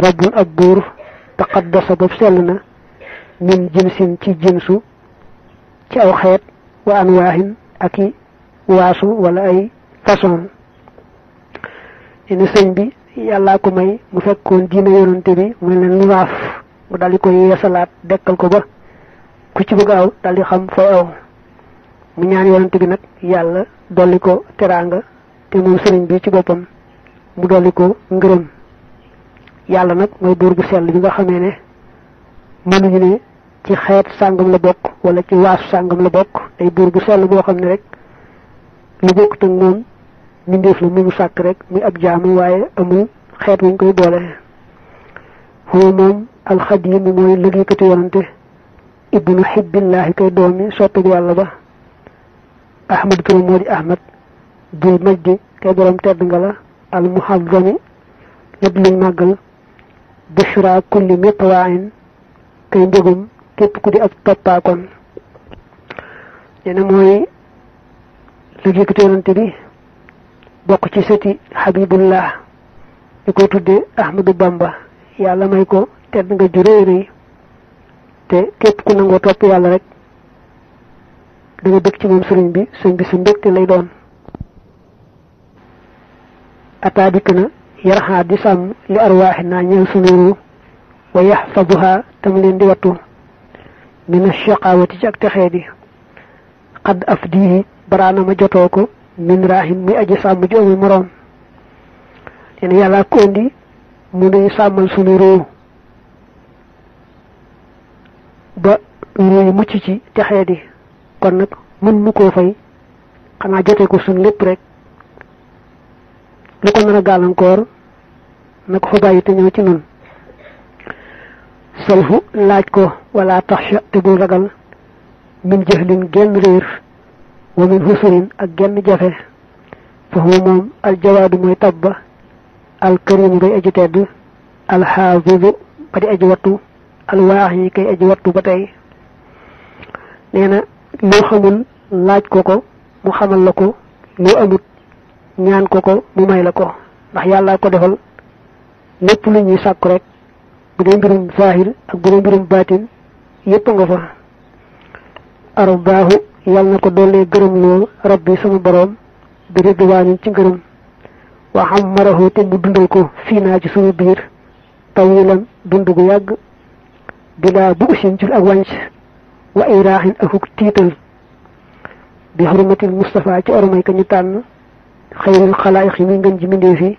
rabbun ab buur taqaddasa boobu sell na min jinsin ci jinsu ci aw xeet wa anwaahin ak i waasu wala ay façon ina sëñ bi yàllaa ko may mu fekkoon diine yonante bi muy leen lu raaf mu daldi koy yeesalaat dekkal ko ba ku ci bëgg aw daldi xam foo aw mu ñaan yonante bi nag yàlla dolli ko teraanga te moom sëriñ bi ci boppam mu dolli ko ngërëm yàlla nag mooy buur gu sell bi nga xamee ne mënuñu ne ci xeet sàngam la bokk wala ci waasu sàngam la bokk ay buur gu sell boo xam ne rek lu bokkut ak moom mbindeef la mu mu sàkk rek muy ab jaamu waaye amul xeet wuñ koy boole huwa moom alxadim mooy liggéeykatu yonante ibnu xibbillaahi koy doomi soppig yàlla ba ahmad turam moo di ahmad dul majdi kay borom tedd nga la al muhazzami lépp bushra kulli mitwaayin kay mbégum képp ku di ab toppaakoon nee na mooy la yëkkati yonante bi bokk ci sëti Habibullah ñu koy tudde Ahmadou Bamba yàlla may ko tedd nga ju réy réy te képp ku nangoo topp yàlla rek da bëgg ci moom sëriñ bi sëñ bi su mbégte lay doon ataa dikk na yarxaa di sàmm li arwaaxi naa ñeel sunu ruu wa yaxfaduha tam leen di wattu mina shaqaawati ci ak texee di xad af diihi baraana ma jotoo ko min raaxin muy aji sàmm ji moroom leen yàlla ko indi mu nuy sàmmal sunu ruu ba ruu mucc ci texee di kon nag mën nu koo fay xanaa jote ko sunu lépp rek lu ko nar a gàllankoor na ko te ñëw ci nun salfu laaj ko wala taxsha te bul ragal min jëxlin genn réer wa min xusurin ak genn jafe fa huwa moom aljawaadu mooy tabba alkarimu bay aji tedd alxaafidu ba di aji wattu alwaax yi kay aji wattu ba tey nee na xamul laaj ko ko mu xamal la ko loo amut ñaan ko ko mu may la ko ndax yàllaa ko defal lépp lu ñuy sàkku rek bu dee mbirum zahir ak bu dee mbirum baatin yépp nga fa arbaahu yàlla na ko dollee gërëm loo rabbi sama boroom bi ridwaanin ci ngërëm wa ammarahu te mu dundal ko fii naa ci suñu biir tawilan dund gu yàgg bilaa bu usin jul ak wànc wa iraaxin akuk tiital bi xurmatil Mustafa ci ormay ka ñu tànn خير الخلائق من جنج من ديفي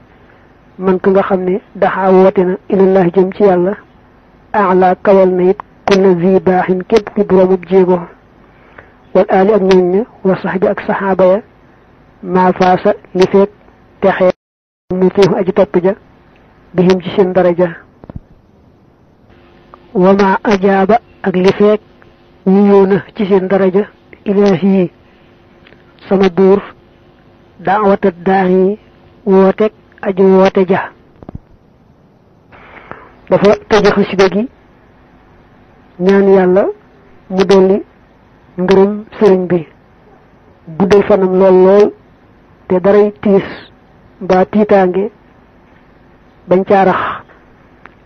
من كنغا خمني دحا واتنا إلى الله جمتي الله أعلى كوال ميت كنا ذي باح كب كبرا مبجيبه والآل أبنين وصحب أك صحابي ما فاس لفيت تخير نتيه أجي طبجة بهم جسين درجة وما أجاب أك لفيت نيونه جسين درجة إلهي سمدور daawata daayi wooteeg aju woote ja dafa tëje xasida gi ñaan yàlla mu dolli ngërëm sëriñ bi guddal fanam lool lool te daray tiis mbaa tiitaange bañ caarax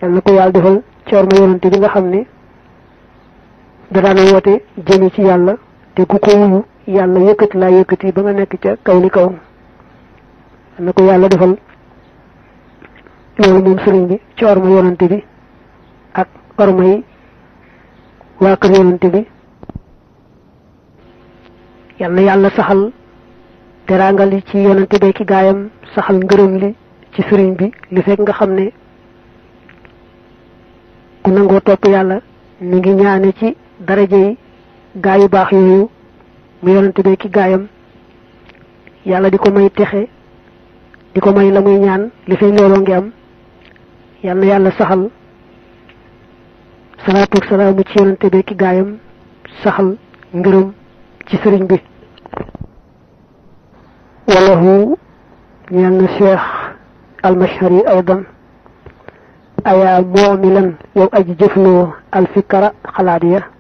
yàlla ko yàlla defal corma yonante bi nga xam ne da daan woote jëme ci yàlla te ku ko wuyu yàlla yëkkati laa yëkkati ba nga nekk ca kaw li kaw na ko yàlla defal loolu moom sëriñ bi ci orma yonante bi ak orma yi waa kër yonante bi yal yàlla saxal teraanga ci yonante bee ki gaayam saxal ngërëm li ci sëriñ bi li fekk nga xam ne ku nangoo topp yàlla mi ngi ñaane ci daraje yi gaa yu baax yooyu mu yonante be ki gayam yàlla diko may texe diko may la muy ñaan li fay looloo ngi am yàlla yàlla saxal salatu salamu ci yonante be ki gayam saxal ngërëm ci sëriñ bi walahu ñaan na cheikh almashari aydan ayaa moomilan yow aji jefno al fikra ya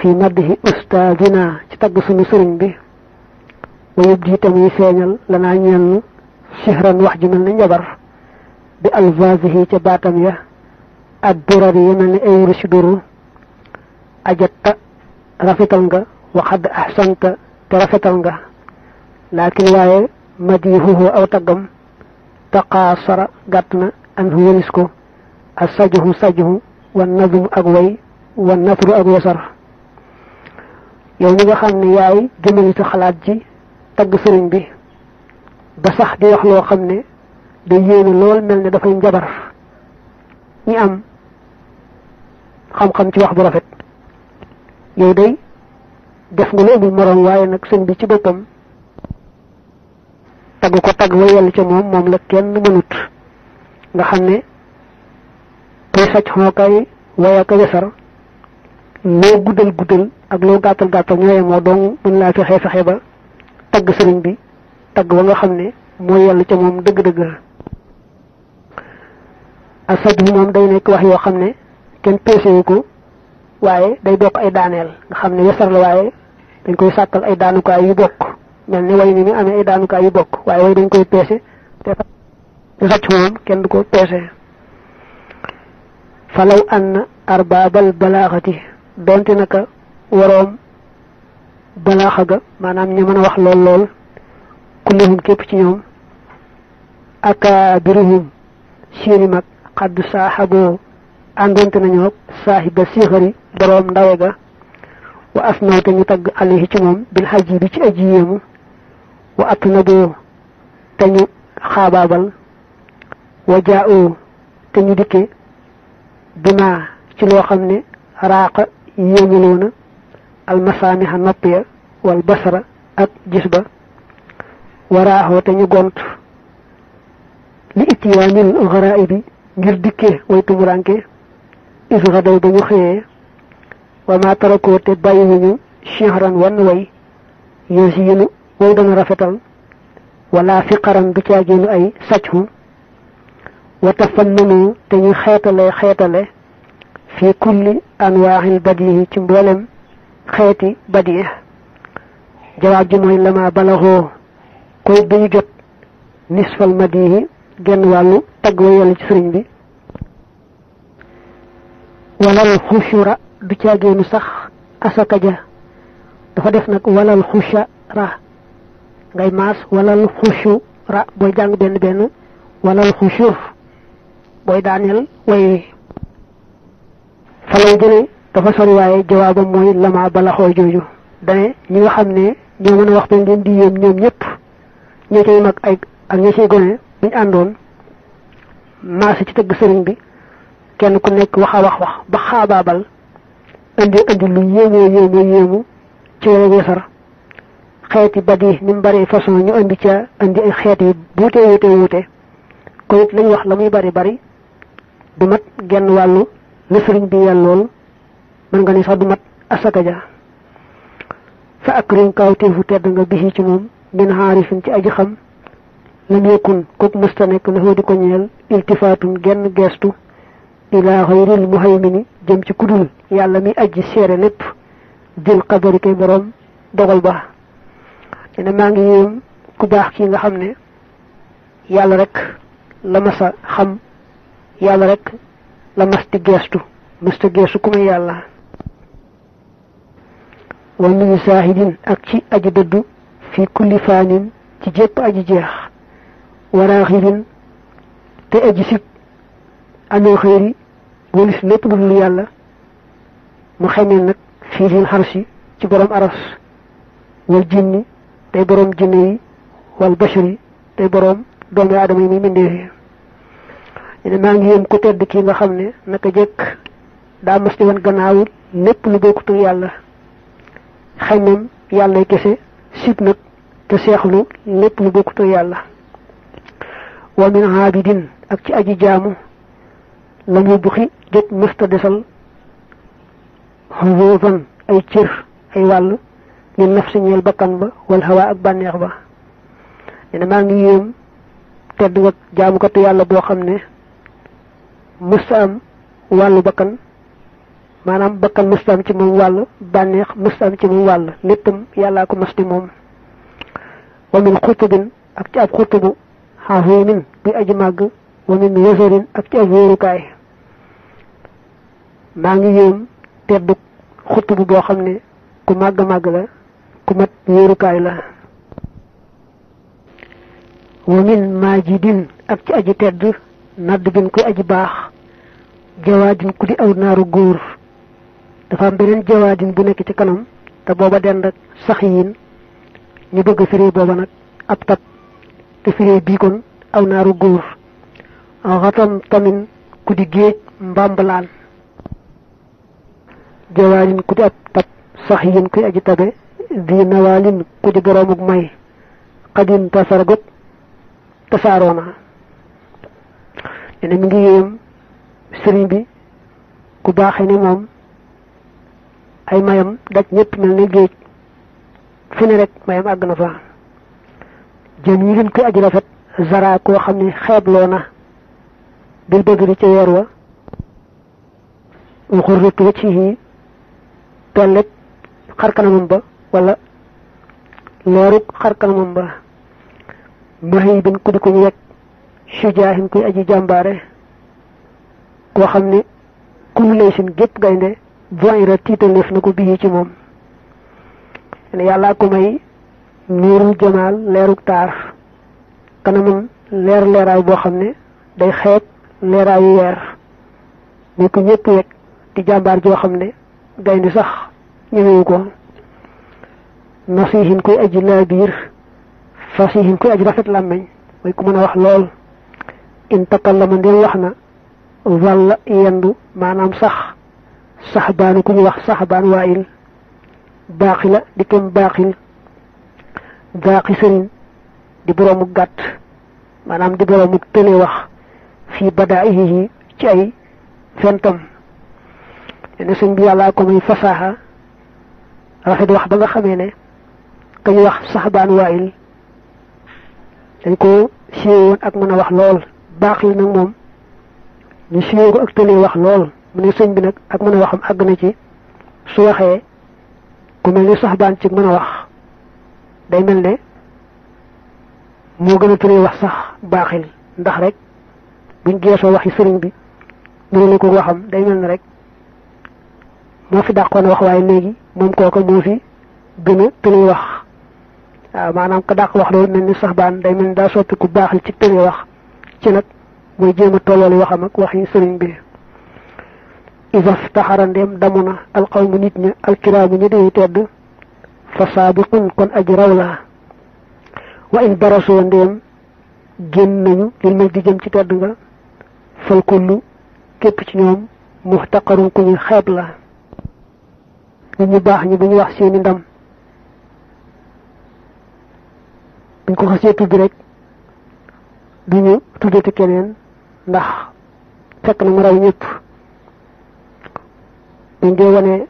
fii maddihi ustaadina ci tagg suñu sëriñ bi wayub ji tamuy feeñal lanaa ñenn sihran wax ju mel ni njabar bi alvazihi ca baatam ya ak durar yi mel ni ay ajatta rafetal nga waxad ahsanta te rafetal nga laakin waaye madihuhu aw taggam taqaasara gàtt na an hu walis ko a sajuhu wa nazmu ak way wa nafru ak wasar yow mi nga xam ne yaay jëmale sa xalaat ji tagg sëriñ bi ba sax di wax loo xam ne day yéene lool mel ne dafay njabar ñi am xam-xam ci wax bu rafet yow de def nga lu amul moroom waaye nag sëñ bi ci boppam tagg ko tagg wa yell ca moom moom la kenn mënut nga xam ne kuy sàcc xoo kay waya ka wesar loo guddal guddal ak loo gàttal gàttal ñoo yemoo dong mën laa fexe fexe ba tagg sëriñ bi tagg ba nga xam ne mooy yàlla ca moom dëgg-dëgg ak sajj moom day nekk wax yoo xam ne kenn peesewu ko waaye day bokk ay daaneel nga xam ne yasar la waaye dañ koy sàkkal ay daanukaay yu bokk mel ni way ni mi amee ay daanukaay yu bokk waaye way dañ koy peese te moom kenn du ko peese falaw ann arbabal balaaxati donte naka waroom balaaxa ga maanaam ña mën wax lool lool kulluhum képp ci ñoom akaabiruhum seeni mag xaddu saaxaboo àndoonte nañoo ba sixari boroom ndawe ga wa asnaw te ñu tagg alayhi ci moom bil xaji ci aji yéemu wa atnaboo te ñu xaabaabal wa jaa'oo te ñu dikke bima ci loo xam ne raaqa yéemuloona المصانح النطية والبصرة أك جسبة وراه تنجونت لإتيان الغرائب جردك ويتمرانك إذ غدو دنخي وما تركو تبايهن شهرا ونوي يزين ويدا رفتل ولا فقرا بكاجين أي سجه وتفننوا تنخيطل خيطل في كل أنواع البديه تنبولم xeeti badi jawaab ji mooy lama balaxoo koy bi ñu jot nisfal madihi genn wàllu tagg wa yàlla ci sëriñ bi walal xushura du caagéenu sax asaka ja dafa def nag walal xushara ngay maas walal xushura booy jàng benn benn walal xushur booy daaneel way wi fa lay dafa sori waaye jawaabam mooy lama balaxoo jooju dane ñi nga xam ne ñoo mën a wax dañ leen di yéem ñoom ñëpp ñoo cay mag ay ak ñi ciy gone buñu àndoon maase ci tëgg sëriñ bi kenn ku nekk waxa wax wax ba xaabaabal indi indi lu yéemoo yéemoo yéemu ci wala weesar xeeti badi ni mu façon ñu indi ca indi ay xeet yi buute wuute wuute ko it lañ wax la muy bari bari du mat genn wàllu la sëriñ bi yàllool mën nga ne sax du mat asaka ja fa ak rim kawtéefu tedd nga bisi ci moom min xaarifin ci aji xam lam yëkkun kook mësta nekk la di ko ñeel iltifaatun genn geestu ilaa xayril ni jëm ci kudul yàlla mi aji seere lépp dil xabari kay borom dogal ba dina maa ngi yéem ku baax kii nga xam ne yàlla rek la masa xam yàlla rek la mas di geestu mësta geestu ku may yàlla ومن ساهد أكشي أجدد في كل فان تجيب أججيخ وراغب تأجسك أن خير ونس نطب الليالة مخيمين في ذي الحرس تبرم أرس والجن تبرم جني والبشر تبرم دون عدم من ديه إن يعني ما نجيهم كتير دكي مخمني نكجيك دامستيون غناوي نطب لبوكتو يالله xañ moom yàlla kese sib nag te seexlu lépp lu bokkutoo yàlla wa min aabidin ak ci aji jaamu la ñu buxi jot mësta desal xuruusan ay cër ay wàll ne naf si ñeel bakkan ba wal hawa ak bànneex ba ne maa ngi yéem tedd nga jaamukatu yàlla boo xam ne mësta am wàllu bakkan maanaam bakkan mësta am ci moom wàll bànneex mësta am ci moom wàll léppam yàllaa ko mas di moom wamin xurtubin ak ci ab xurtubu xaafimin buy aji màgg wamin wésarin ci ab wóorukaay maa ngi yéem xam ne ku màgg màgg la ku mat wóorukaay la wamin maajidin ak ci aji tedd nadd bin kuy aji baax jawaadin ku di aw naaru góor dafa am beneen jawaadin bu nekk ci kanam te booba dend ak sax yiin ñu bëgg firi booba nag ab tab te firi aw naaru góor xatam tamin ku di géej mbambalaan jawaadin ku di ab tab sax yiin kuy aji tabe di nawaalin ku di boroomuk may xadin tasargot tasaaroona ne mi ngi yéem sëriñ bi ku baaxe ne moom ay mayam daj ñëpp mel ne géej fi ne rek mayam àgg na fa jën yi leen koy aji rafet zara koo xam ne xeebloo na bil bëgg di ca weer wa waxur rek wëcc yi pelleg xar kanamam ba wala leerug xar kanamam ba mahi bin ku di ko yegg sujaahin koy aji jàmbaare koo xam ne kum lay sin gépp gaynde boira tiitaleef na ko bii ci moom yàlla ko may niirul jamaal leeru taar kanamam leer leeraay boo xam ne day xeet leeraayu weer ni ko ñëpp yegg di jàmbaar joo xam ne gaynde sax ñëwewu ko nasihin koy aji laa biir fasihin koy aji rafet làmmeñ mooy ku mën a wax lool la takallama ndel wax na walla yendu maanaam sax saxbaanu ku ñu wax sax saxbaan waayil baaxila di kem baaxil baaxi sëriñ di boroomu gàtt maanaam di boroomu tële wax fii badaa'ihi ci ay fentam ne sëñ bi yàllaa ko muy fasaaxa rafet wax ba nga xamee ne ka ñu wax saxbaan waayil dañ ko siiwee woon ak mën a wax lool baaxil nag moom ñu siiwee ko ak tële wax lool mu ne sëñ bi nag ak mën a waxam àgg na ci su waxee ku mel ni saxbaan ci mën a wax day mel ne moo gën a turee wax sax baaxil ndax rek buñ geesoo yi sëriñ bi ñu ne ko waxam day mel ne rek moo fi dàqoon wax waaye léegi moom kooka moo fi gën a turee wax waaw maanaam ka dàq wax loolu mel ni saxbaan day mel ni daa soppi ku baaxil ci turee wax ci nag mooy jéem a tollooli waxam ak waxi sëriñ bi. isa staxara ndéem damu na alxawmu nit ña alkiraamu ñu day tedd fa saabiqun kon aji raw wa in barasoo ndéem génn nañu lil maj di jëm ci tedd nga fal kullu képp ci ñoom muxtaqarun ku ñu xeet la nit ñu baax ñi bu ñu wax seeni ndam buñ ko xasee tudd bu duñu tuddati keneen ndax fekk na mu raw ñëpp dañ dee wane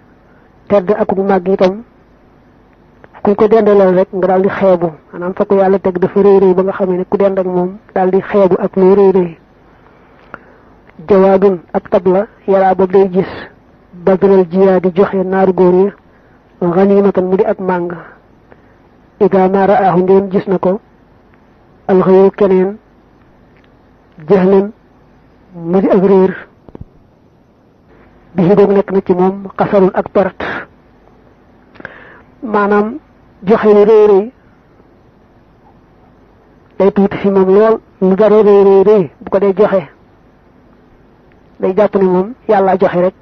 tedd akuk màgg itam kuñ ko dendaloon rek nga daal di xeebu maanaam fa ko yàlla teg dafa rëy ba nga xamee ne ku dend ak moom daal di xeebu ak luy rëy rëy jawaabun ab tabla yaraa boobu day gis badral jiyaa di joxe naaru góor yi ganimatan mu di ak màng ida ma raahu ndéem gis na ko alxëyu keneen jëxlan mu di ak réer bi goog nekk na ci moom xasarul ak perte maanaam joxe lu rëy day tuuti fi moom lool lu dara rëy rëy rëy bu ko dee joxe day jàpp ne moom yàllaa joxe rek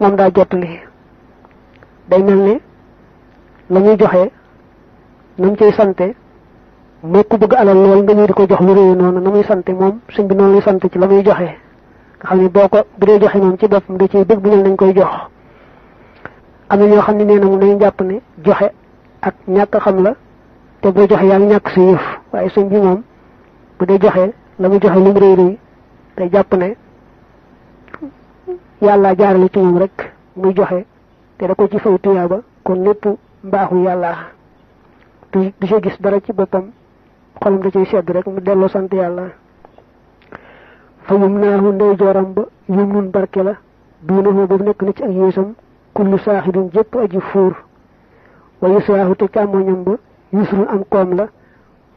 moom daa jot li day mel ne la ñuy joxe na mu cay sante mooy ku bëgg alal lool nga ñëw ko jox lu rëy noonu na muy sante moom suñ bi noonu lay sante ci la muy joxe nga xam ne boo ko bu dee joxe moom ci boppam da ciy bëgg bu lañ koy jox am na ñoo xam ne nee na mu dañu jàpp ne joxe ak ñàkk xam la te boo joxe yaa ngi ñàkk sa yëf waaye suñ bi moom bu dee joxe la mu joxe lu mu réy réy te jàpp ne yàlla jaarale ci moom rek muy joxe te da ko ci faw tuyaaba kon lépp mbaaxu yàlla du du gis dara ci boppam xolam da ciy sedd rek mu delloo sant yàlla fa yum naahu ndey jooram ba yum nun barke la duunahu boobu nekk na ci ak yéesam kullu saaxibin jëpp aji fuur wa yusraahu te càmmoñam ba yusrun am koom la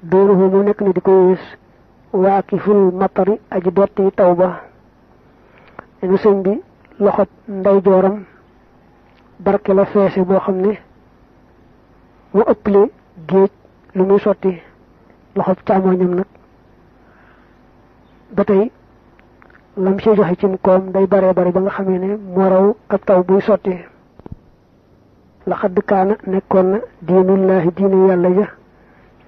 duunahu mu nekk na di ko yées waakiful matari aji dotti taw ba enu sëñ bi loxob ndey jooram barke la feese boo xam ne mu ëpple géej lu muy sotti loxob càmmoñam nag ba tey lam ci joxe ci koom day bare bare ba nga xamé né mo raw ak taw buy la xad kana nekkon na dinullah dinu yalla ya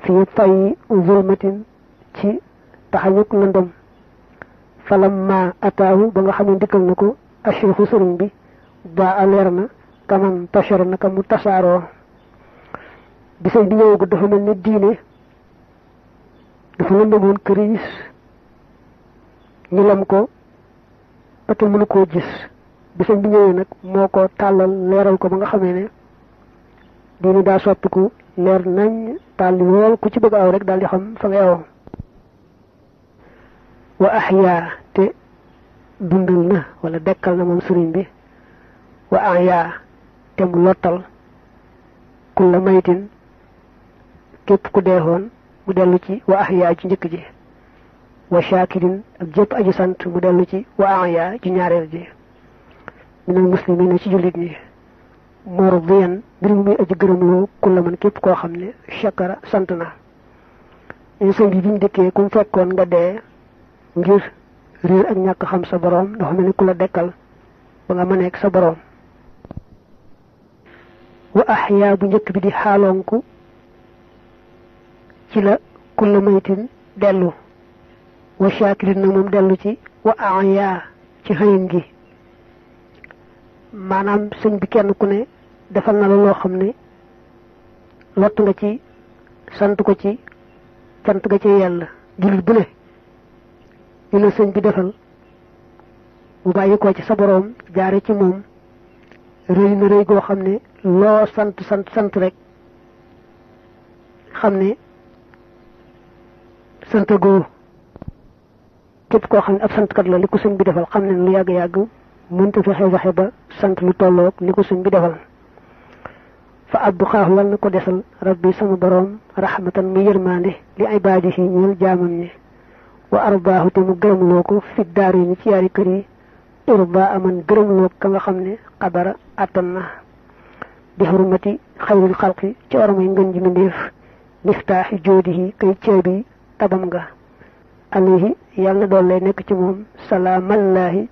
fi tay zulmatin ci taxañuk lëndëm falamma ataahu ba nga xamé dikal nako na ko bi ba alerna kaman tashar naka mutasaro bi sey di ñew ñëwagu dafa mel ne diine dafa lëndëmoon ñu lam ko te mënu koo gis bu sëñ bi ñëwee nag moo ko tàllal leeral ko ba nga xamee ne diini daa ko leer nañ tàlli lool ku ci bëgg aw rek daal di xam fa ngay aw wa ahyaa te dundal na wala dekkal na moom sëriñ bi wa ahyaa te mu lottal kulla maytin képp ku deexoon mu dellu ci wa ahyaa ci njëkk ji wa shakirin ak jep aji sant mu delu ci wa aya ci ñaarel ji min muslimina ci julit ñi mordiyan bir muy aji gërëmloo kulla man kep ko xamne shakara sant na ñu sëñ bi biñ dëkkee kum fekkon nga dee ngir rir ak ñak xam sa borom do xamne kula dekkal sa borom wa ahya bu njëkk bi di halonku ci la kulla maytin delu wa shaakirin na moom dellu ci wa aaya ci xëyin gi maanaam sëñ bi kenn ku ne defal na la loo xam ne lott nga ci sant ko ci sant nga ci yàlla jullit bu ne ñu la sëñ bi defal bu bàyyi ko ci sa boroom jaare ci moom rëy na rëy goo xam ne loo sant sant sant rek xam ne sant go képp koo xam ne ab sant kat la li ko sëñ bi defal xam ne lu yàgg yàgg mënta fexe waxe ba sant lu tolloog li ko bi defal fa abdu xaax wal na ko desal rabbi sama borom rahmatan mu yërmande li ay baaji si ñeel jaamam ñi wa arbaahu te mu gërëmloo ko fi daar yi ci yaari kër yi irba aman gërëmloo ka nga xam ne xabara attan na bi hurmati xayril xalqi ci ormay ngën ji mindeef miftaaxi joodihi kay ceebi tabam nga alayhi yàlla doon lay nekk ci moom salaamallaahi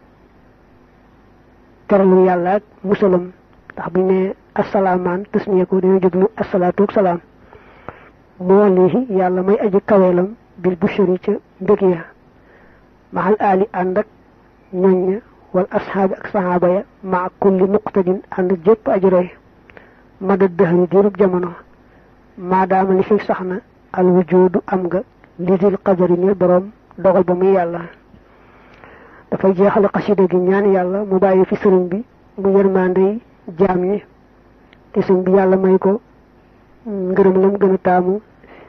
teralu yàlla ak musalam ndax bu ñu nee asalaamaan tasmiyeeku dañoo jublu asalaatu ak salaam moo lii yàlla may aji kaweelam bil bushri ca mbég ya maxal aali ànd wal asxaabi ak saxaaba ya maa kulli muqtadin ànd ak jépp aji roy mada dëxëri sax na al wujudu am nga li dil qadari ne boroom dogal ba muy yàlla dafay jeexal xasida gi ñaan yàlla mu bàyyi fi sëriñ bi mu yërmande yi jaam yi te sëriñ bi yàlla may ko ngërëm lam gën a taamu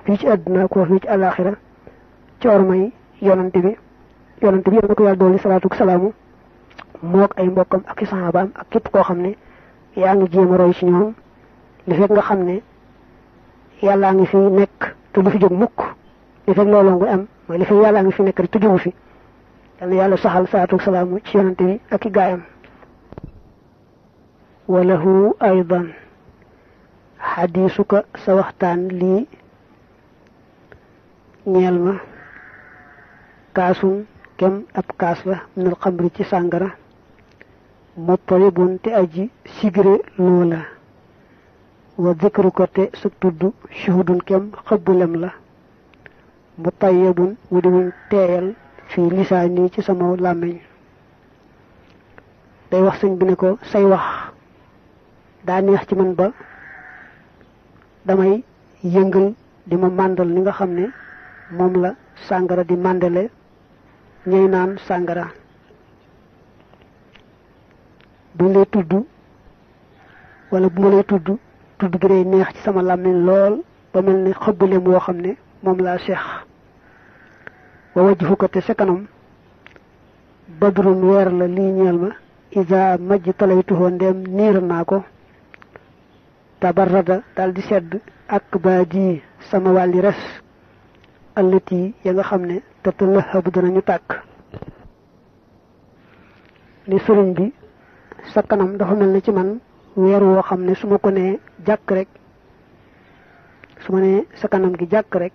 fii ci àdduna ko fii ci alaxira ci may yonante bi yonante bi yal ko yàlla dooli salaatu salaamu moog ay mbokkam ak sahabaam ak képp koo xam ne yaa ngi jéem a roy ci ñoom li fekk nga xam ne yàllaa ngi fi nekk te lu fi jóg mukk li fekk looloo am mooy li fekk yàlla ngi fi nekk rek tëjuwu fi yàlla yàlla saxal salaatu salaamu ci yonante bi ak i gaayam walahu aydan xadiisuka sa waxtaan lii ñeel ma kaasum kem ab kaas la minal xamri ci sàngara muttalibun te aji sigre loola wa dikruka te suk tudd shuhudun kem xëbbulem la mu tayyibun wudi wuñ teeyal fi lisani ci sama làmmiñ day wax señ bi ne ko say wax ni wax ci man ba damay yëngal di ma màndal ni nga xam ne la sàngara di mandale ñay naan sàngara bu lay tudd wala bu ma lay tudd tudd gi day neex ci sama làmmiñ lool ba mel ne xëbbaleem woo xam ne moom wa wajhuka te sa kanam badrun weer la lii ñeel ma isa majj talaytuhoo ndeem niir naa ko tabarrada daal di sedd ak baa ji sama wàlli res allët yi nga xam ne tatalahabu ñu tàkk ne sëriñ bi sa kanam dafa mel na ci man weer woo xam ne su ma ko nee jàkk rek su ma nee sa kanam gi jàkk rek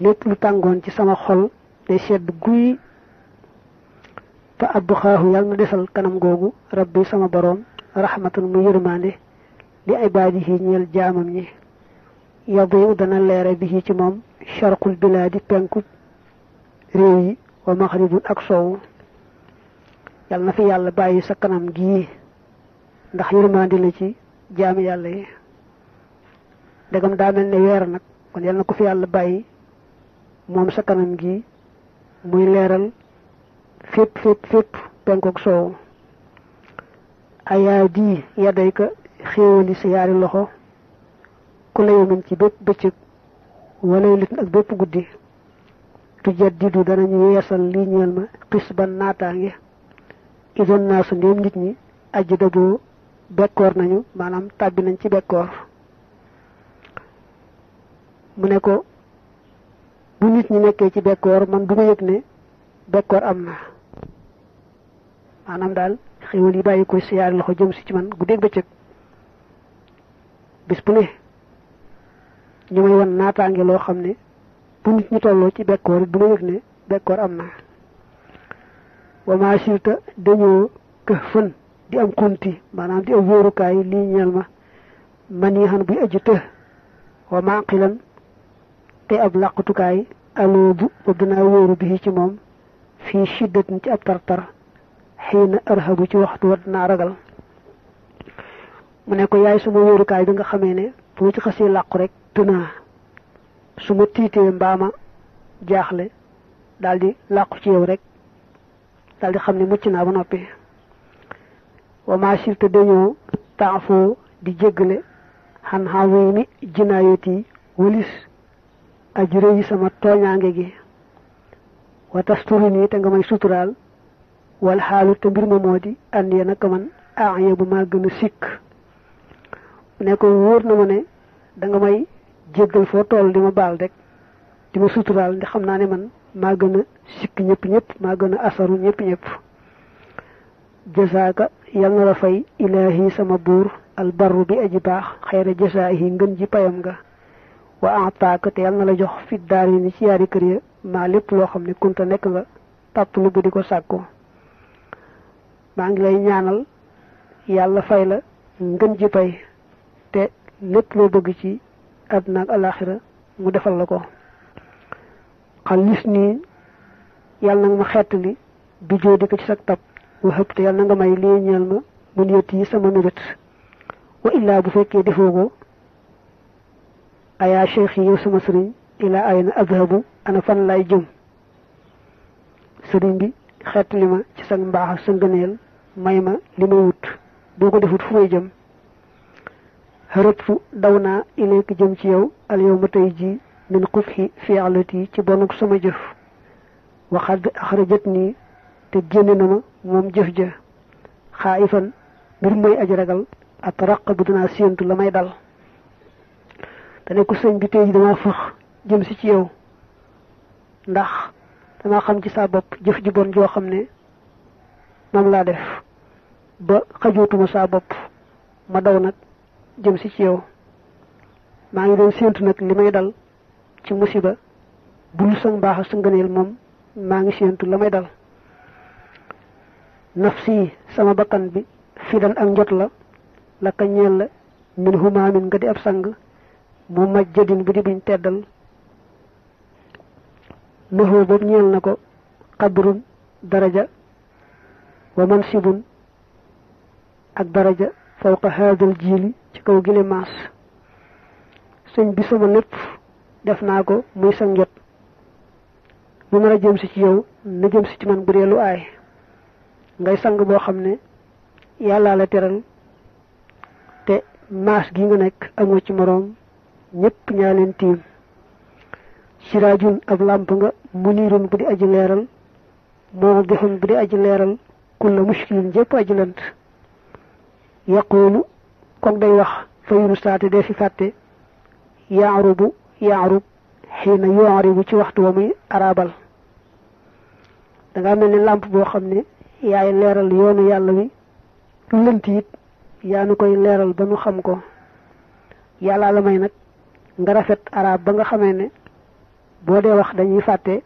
lepp lu tàngoon ci sama xol de sedd guy fa abduxaahu yàlla na kanam googu rabbi sama boroom rahmatun mu yërmaande li ibaadihi ñeel jaamam ñi yadiu dana leere bi ci moom sharqul biladi penku réew yi wa maxribun ak soowu na fi yàlla bàyyi sa kanam gii ndax yërmaande la ci jaam yàlla yi dagam daa mel ne weer nag kon ko fi yàlla bàyyi moom sa kanam gi muy leeral fépp fépp fépp penkook soow ayaa di yadday ka xéewali sa yaari loxo ku layu yomin ci bépp bëccëg wala lit ak bépp guddi tu dana ñu yeesal li ñeel ma xis ban naataange idoon naa su ndéem nit ñi aji daboo bekkoor nañu maanaam tàbbi nañ ci bekkoor mu ne ko bu nit ñi nekkee ci bekkoor man du ma yëg ne bekkoor am na maanaam daal xéwal yi bàyyi ko si yaari loxo jëm si ci man guddeeg bëccëg bis bu ne ñu may wan naataange loo xam ne bu nit ñi tolloo ci bekkoor du ma yëg ne bekkoor am na wa maa sirta dañoo këf fën di am xunti maanaam di am wóorukaay lii ñeel ma man yi xam buy aji të wa maa qilan te ab làqutukaay aloobu bëgg naa wóoru bi ci moom fii shiddatin ci ab tartar xiina arhabu ci waxtu wa naa ragal mu ne ko yaay suma wóorukaay bi nga xamee ne bu ma ci xasee làqu rek tënaa suma ma tiitee mbaama jaaxle dal di làqu ci yow rek dal di xam ne mucc naa ba noppi wa maa sirte dañoo taafoo di jéggale xan xan wi mi yi wëlis ajure sama toñange gi wa tasturuni te nga may sutural wal halu te mbir ma modi and ya nak man aaye bu ma gëna sik ne ko wor na ma ne da nga may fo tol di ma rek dima sutural ndi xamna ne man ma gëna sik ñëpp ñëpp ma gëna asaru ñëpp jazaaka yalla ilahi sama bur al barru bi aji khayra jazaahi ngën ji payam nga wa a'taaka te yalla na la jox fi daari ni ci yaari kër ya ma lépp loo xam ne kunta nekk nga tàpp lu bu di ko sàkku maa ngi lay ñaanal yàlla fay la ngën ji pay te lépp loo bëgg ci àdduna ak alaxira mu defal la ko xal lis nii yàlla ma xettali bi joo di ko ci sag tab wa xëpp te yàlla nga may lii ñeel ma mun yëtt sama mébét wa illaa bu fekkee defoo ayaa cheikh yi yow sama sëriñ ilaa ayna adhabu ana fan lay jëm sëriñ bi xeet li ma ci sang mbaax ak sa may ma li ma wut boo ko defut fu may jëm xërët fu daw naa ileek jëm ci yow al yow ma tey ji min qubhi fi'lati ci bonuk sama jëf waxad axrajat nii te génne na ma moom jëf ja xaayifan mbir mooy aji ragal ak raq bu dinaa séentu la may dal dana ko sëñ bi tey ji dama fëx jëm si ci yow ndax dama xam ci saa bopp jëf ju bon joo xam ne moom laa def ba xajootuma saa bopp ma daw nag jëm si ci yow maa ngi doon séentu nag li may dal ci musiba bul sang baax sa ngëneel moom maa ngi séentu la may dal si sama bakkan bi fi dan ak njot la la ka ñeel la min humaamin nga di ab sang mu majjadin bu di buñ teddal naxoo boobu ñeel na ko xabrun daraja wa mansibun ak daraja fawqa haadal jiili ci kaw gile maas sëñ bi sama népp def naa ko muy sa njot lu nar a jëm si ci yow na jëm si ci man bu dee lu aay ngay sang boo xam ne yàllaa teral te maas gi nga nekk amoo ci moroom ñëpp ñaa leen tiim siraajun ab làmp nga munirun bu di aji leeral moo dixun bu di aji leeral kulla mushkilin jëpp aji lënt yaquulu kook day wax fayuru saate dee fi fàtte yaarubu yaarub xiina bu ci waxtu wa muy arabal da nga mel ni làmp boo xam ni yaay leeral yoonu yàlla wi lu lënt it yaa nu koy leeral ba nu xam ko yàlla la may nag nga rafet arab ba nga xamé né bo dé wax dañuy ya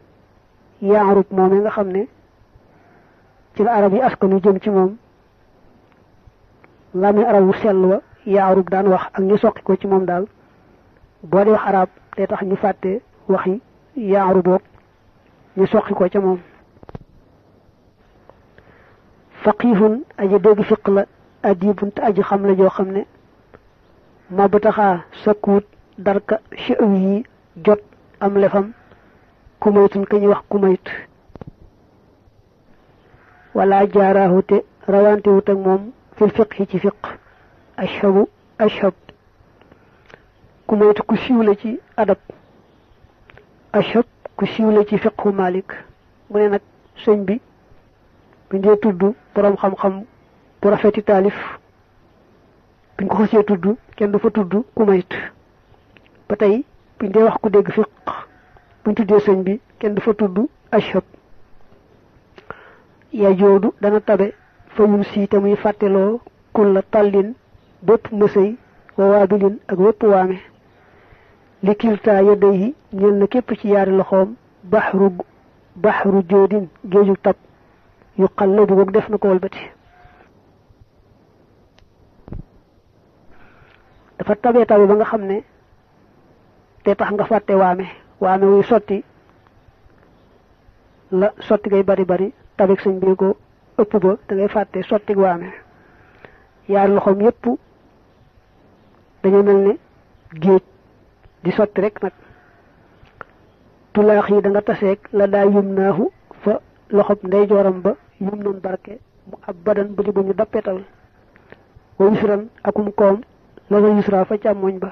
yaarub momé nga xamné ci arab yi askanu jëm ci moom lami arab wu sell wa yaarub daan wax ak ñu soqi ko ci mom dal bo dé wax arab té tax ñu yi ya yaarub bok ñu soqi ko ci mom faqihun aji dégg fiqla adibun ta aji xam la joo ma bu taxa sakkuut darka fi aw yi jot am lefam ku maytun ka ñuy wax ku mayt wala jaaraahu te rawante ak moom fil fiqhi ci fiq ashhabu ashhab ku maytu ku siiw la ci adab ashhab ku siiw la ci fiqhu malik mu ne nag sëñ bi bu dee tudd boroom xam-xam bu rafeti taalif buñ ko xasee tudd kenn du fa tudd ku mayt ba tey buñ dee wax ku dégg fiq buñ tuddee sëñ bi kenn du fa tudd ashhad ya joodu dana tabe fa yum sii te muy fàtteloo kulla tallin bépp mësëy wa waabilin ak wépp waame li kilta ya yi ñel na képp ci yaari loxoom baxru baxru joodin géeju tab yu xalla bu def na ko walbati dafa tabee tabe ba nga xam ne te tax nga fàtte waame waame wuy sotti la sotti ngay bari bari tabik sëñ bi ko ëpp ba da fàtte sotti waame yaar loxoom yépp dañu mel ni géej di sotti rek nag tulaax yi danga nga taseeg la daa yum naahu fa loxob ndeyjooram ba yum noon barke mu ab badan bu di bu ñu dappetal wa yusran akum koom la nga yusra fa càmmoñ ba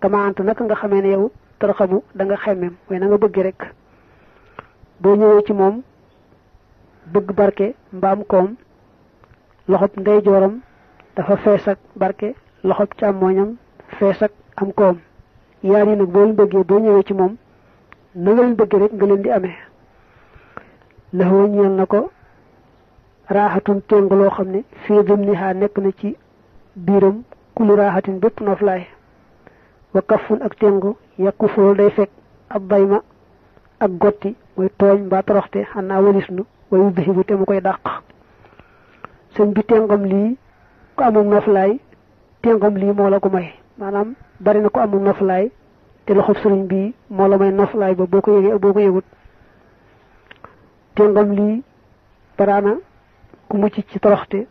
kamaante naka nga xamee ne yow tarxamu da nga xemmem waaye na nga rek boo ñëwee ci moom bëgg barke mbaam koom loxob ndeyjooram dafa fees ak barke loxob càmmooñam fees ak am koom yaar yi nag boo leen bëggee boo ñëwee ci moom na nga leen bëggee rek nga leen di amee laxoo ñeel na ko raaxatun téng loo xam ne fii dim ni xaa nekk na ci biiram kulu raaxatin bépp noof laay wa kafun ak tengu yàkku foo day fekk ab bay ma ak gotti mooy tooñ mbaa toroxte xanaa walis nu way ubbi si bu te mu koy dàq sëñ bi tengam lii ku amul noflaay tengam lii moo la ko may maanaam bari na ko amul noflaay te loxob sëriñ bi moo la ba boo ko yëgee ak boo ko yëgut tengam lii baraana ku mucc ci toroxte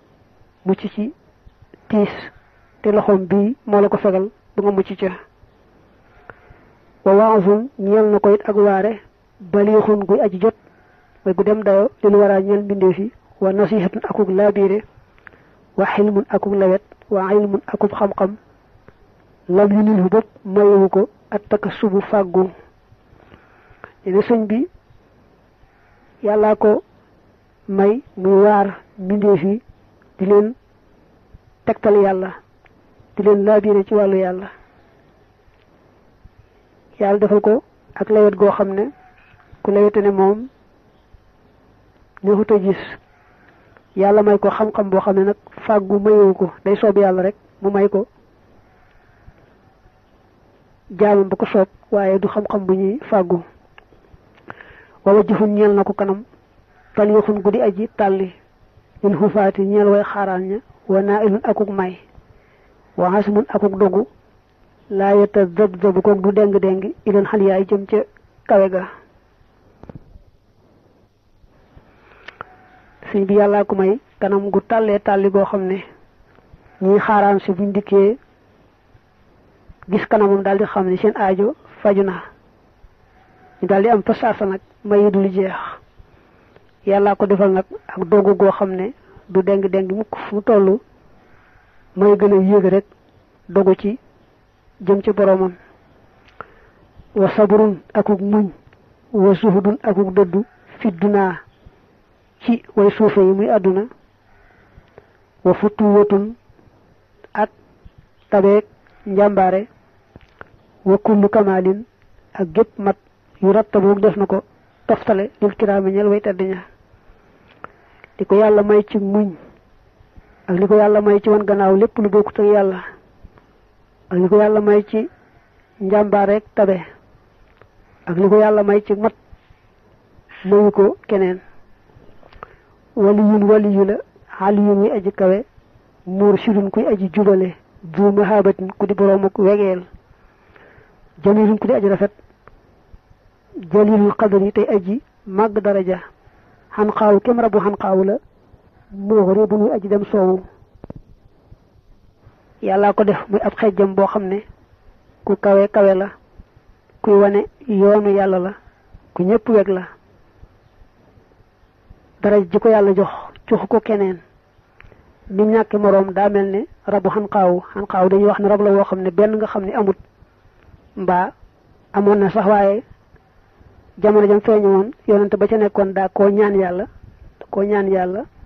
mucc ci tiis te loxoom bii moo la ko fegal ba nga mucc ca wa waazun ñeel na ko it ak waare baliixun guy aji jot mooy gu dem dayo lil waraa ñeel mbindee fi wa nasihatun akuk laabiire wa xilmun akuk lawet wa ilmun akuk xam-xam lam yu nil fu bopp mayewu ko at taka subu fàggu yene sëñ bi yàlla ko may muy waar mbindee fi tegtal yàlla di leen laabire ci wàllu yàlla yàlla defal ko ak lawet goo xam ne ku lawete ne moom neexut a gis yàlla may ko xam-xam boo xam ne nag fàggu mayewu ko day soob yàlla rek mu may ko jaamam ba ko soob waaye du xam-xam bu ñuy fàggu wala jëfun ñeel na ko kanam tal yoxun guddi aji tàlli ñun xufaati ñeel way xaaraan ña wa naa ilun akuk may wa hasmun akuk dogu la zab ko du deng deng hal yaay jëm ci kawe ga sëñ bi yalla ku may kanam gu tàllee talli go xam ñi ñuy ci buñ gis di seen aajo fajuna ñu daal am pasaasa jeex yalla ko defal nak ak dogu go xam du deng deng ko fu tollu mooy gën a yéeg rek dogu ci jëm ci boromam wa sabrun akuk muñ wa suhudun akuk dëddu fi dunaa ci way suufe yi muy àdduna wa futuwatun ak tabeek njàmbaare wa kullu kamaalin ak gépp mat yu rattaboog def na ko toftale lil kiraami ñel way tedd ña di ko yàlla may ci muñ ak li ko yàlla may ci wan gannaaw lépp lu bokkut ak yàlla ak li ko yàlla may ci njàmbaar rek tabe ak li ko yàlla may ci mat mayu ko keneen waliyun waliyu la xaliyun wi aji kawe mursidun kuy aji jubale bu mahabatin ku di boroom wegeel jamilun ku di aji rafet jalilul qadri tey aji màgg daraja xan xaawu kem rabu xan xaawu la bu muy aji dem soowu yàllaa ko def muy ab xejjam boo xam ne ku kawe kawe la kuy wane yoonu yàlla la ku ñépp weg la dara ji ko yàlla jox joxu ko keneen ni ñàkk moroom daa mel ne rabu xanqaaw xanqaaw dañuy wax ne rab la woo xam ne benn nga xam ne amut mbaa amoon na sax waaye jamono jam feeñu woon yonente ba ca nekkoon daa koo ñaan yàlla koo ñaan yàlla